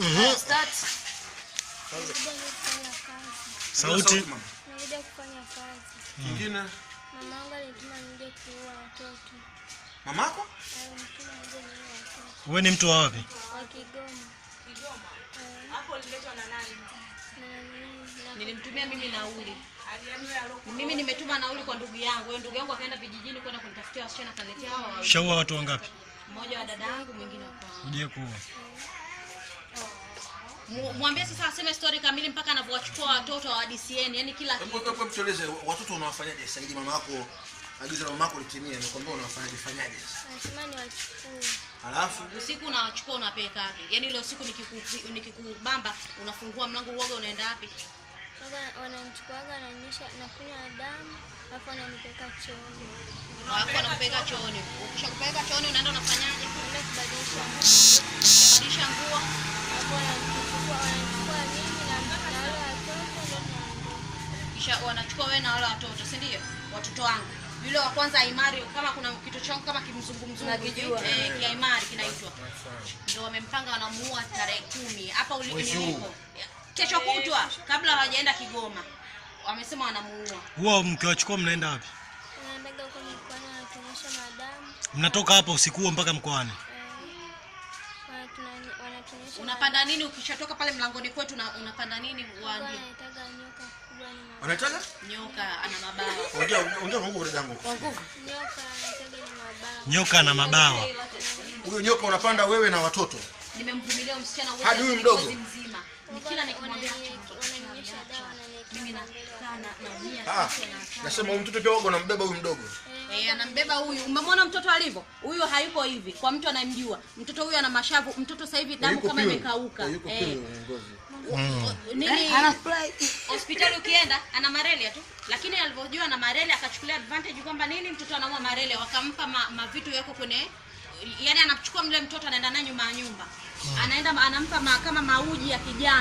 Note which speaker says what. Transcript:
Speaker 1: Mm
Speaker 2: Sauti.
Speaker 3: Kingine. Mamako?
Speaker 2: Wewe ni mtu wa wapi? Wa
Speaker 4: Kigoma. Kigoma. Eh. Hapo uliletwa
Speaker 5: na nani? Nilimtumia mimi nauli. Mimi nimetuma nauli kwa ndugu yangu. ndugu yangu akaenda vijijini kwenda kunitafutia wasichana kaletea hao.
Speaker 2: Shaua watu wangapi?
Speaker 5: Mmoja wa dada yangu, mwingine wa kwangu.
Speaker 2: Uje kuoa. Eh.
Speaker 5: Mwambie sasa aseme story kamili mpaka anavyowachukua watoto wa DCN, yani kila
Speaker 3: kitu. Hebu tueleze watoto unawafanyaje sasa hivi mama yako agizo la mama yako litimie, nikwambia unawafanyaje fanyaje sasa?
Speaker 4: Nasema ni wachukue.
Speaker 3: Alafu usiku
Speaker 5: unawachukua unapeleka wapi? Yaani ile usiku nikikubamba unafungua mlango uoga unaenda wapi?
Speaker 4: Baba Wananichukuaga na kunywa damu alafu wananipeleka chooni.
Speaker 5: Alafu wanakupeleka chooni. Ukishakupeleka wanachukua wewe na wale watoto, si ndio? Watoto wangu yule wa kwanza Aimari, kama kuna kitu changu kama kimzungumzungu eh, kia Aimari kinaitwa ndio, wamempanga wanamuua tarehe kumi hapa ulipo kesho kutwa, kabla hawajaenda Kigoma, wamesema wanamuua.
Speaker 2: Huo mkiwachukua mnaenda wapi?
Speaker 4: Eh,
Speaker 2: Mnatoka hapa usiku huo mpaka mkoani
Speaker 5: eh, unapanda nini? Ukishatoka pale mlangoni kwetu unapanda nini? Waambie
Speaker 3: Unataka? Nyoka ana mabawa. Ongea ongea kwa nguvu dada yangu. Kwa nguvu.
Speaker 2: Nyoka ana mabawa.
Speaker 3: Huyo nyoka unapanda wewe na watoto. Nimemvumilia msichana
Speaker 5: wote. Hadi huyu mdogo. Mzima. Nikila nikimwambia
Speaker 3: ah, nasema huyu mtoto pia wako anambeba huyu mdogo.
Speaker 5: Eh, anambeba huyu. Umemwona mtoto alivyo? Huyu hayuko hivi. Kwa mtu anayemjua. Mtoto huyu ana mashavu. Mtoto sasa hivi eh,
Speaker 3: damu kama imekauka. Eh
Speaker 5: hospitali ukienda ana malaria tu, lakini alivyojua na malaria akachukulia advantage kwamba nini mtoto anauma malaria, wakampa ma, mavitu yako kwenye yani, anachukua mle mtoto anaenda naye nyuma ya nyumba, hmm. anaenda anampa ma, kama mauji ya kijani.